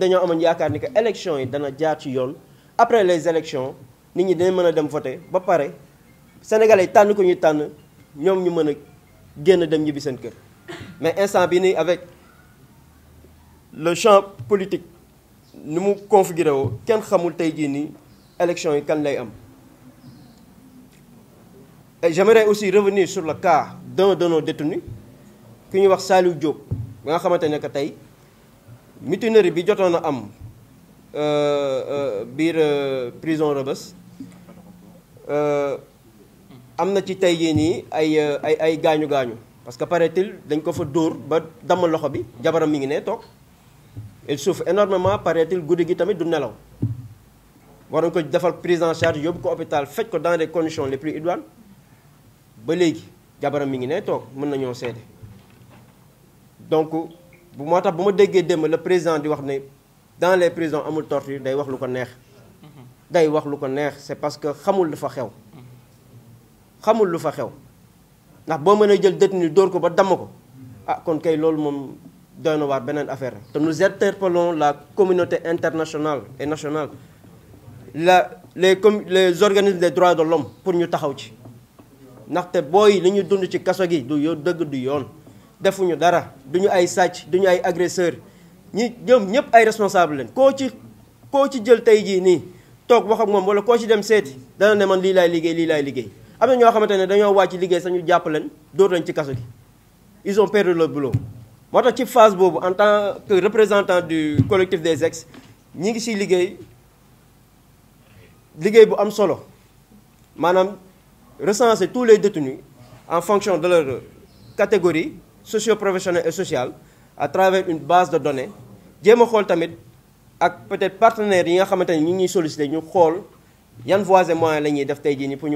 dañoo amoon yaakaar ni que élection yi dana jaar ci yoon après les élections nit ñi dañ mën a dem voter ba pare sénégalais tànn ko ñu tànn ñoom ñu mën a génn dem ñibbi seen kër mais instant bi nii avec le champ politique ni mu configuré woo kenn xamul tey jii ni élection yi kan lay am et j'aimerais aussi revenir sur le cas d'un de nos détenus ki ñuy wax Saliou Diop ba nga xamante ne que tey mutinerie bi jotoon a am euh, euh, biir euh, prison Rebeuss am na ci tey jii nii ay ay ay gaañu gaañu parce que paraît dañ ko fa dóor ba damm loxo bi jabaram mi ngi ne toog il suuf énormément paraît guddi gi tamit du nelaw waroon ko defal prise en charge yóbbu ko hôpital faj ko dans des conditions les plus idoines ba léegi jabaram mi ngi ne toog mën na seede donc bu moo tax bu ma déggee démb le président di wax ne dans les prisons amul torture day wax lu ko neex day wax lu ko neex c'est parce que xamul lu fa xew xamul lu fa xew ndax boo mënee jël détenu dóor ko ba damm ko ah kon kay loolu moom doy na waar beneen affaire te nous interpellons la communauté internationale et nationale la les com les organismes des droits de l'homme pour ñu taxaw ci ndaxte booy li ñu dund ci kaso gi du yoon dëgg du yoon defuñu dara duñu ay sàcc duñu ay agresseur ñi ñoom ñëpp ay responsable leen koo ci koo ci jël tey jii nii toog wax ak moom wala koo ci dem seeti dana ne man lii laay liggéey lii lay liggéey am na ñoo xamante ne dañoo wàcc liggéey sañu jàpp leen dóor lañ ci kaso gi ison ont perdu leur moo tax ci phase boobu en tant que représentant du collectif des ex ñi ngi siy liggéey liggéey bu am solo maanaam recenser tous les détenus en fonction de leur catégorie socio-professionnelle et euh, sociale à travers une base de données jéem a xool tamit ak peut-être partenaires yi nga xamante ni ñu ngi solliciter ñu xool yan voies et la ñuy def tey jii nii pour ñu